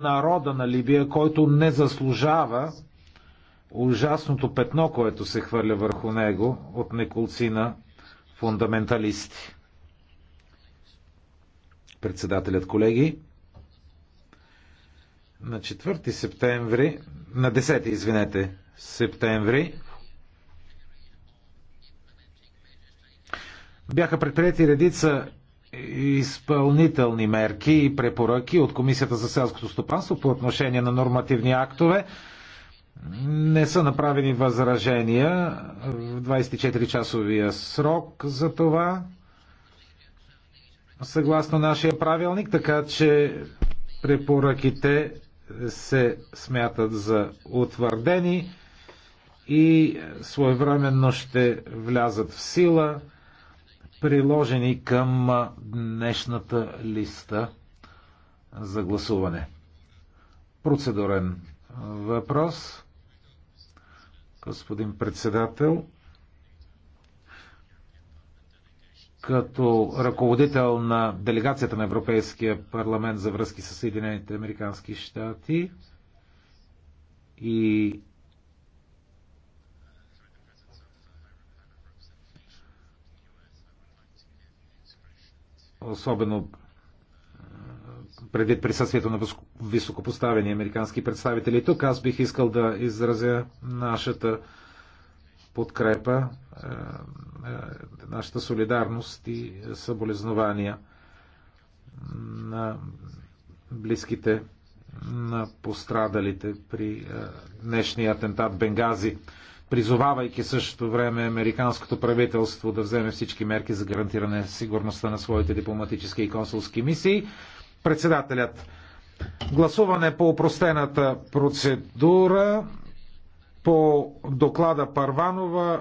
народа на Либия, който не заслужава ужасното петно, което се хвърля върху него от неколцина фундаменталисти. Председателят, колеги, на 4 септември, на 10, извинете, септември, бяха предприяти редица изпълнителни мерки и препоръки от Комисията за селското стопанство по отношение на нормативни актове. Не са направени възражения в 24-часовия срок за това, съгласно нашия правилник, така че препоръките се смятат за утвърдени и своевременно ще влязат в сила приложени към днешната листа за гласуване. Процедурен въпрос. Господин председател, като ръководител на делегацията на Европейския парламент за връзки с Съединените Американски щати и особено е, преди присъствието на високопоставени американски представители. Тук аз бих искал да изразя нашата подкрепа, е, е, нашата солидарност и съболезнования на близките на пострадалите при днешния атентат Бенгази призовавайки същото време американското правителство да вземе всички мерки за гарантиране сигурността на своите дипломатически и консулски мисии. Председателят Гласуване по упростената процедура по доклада Парванова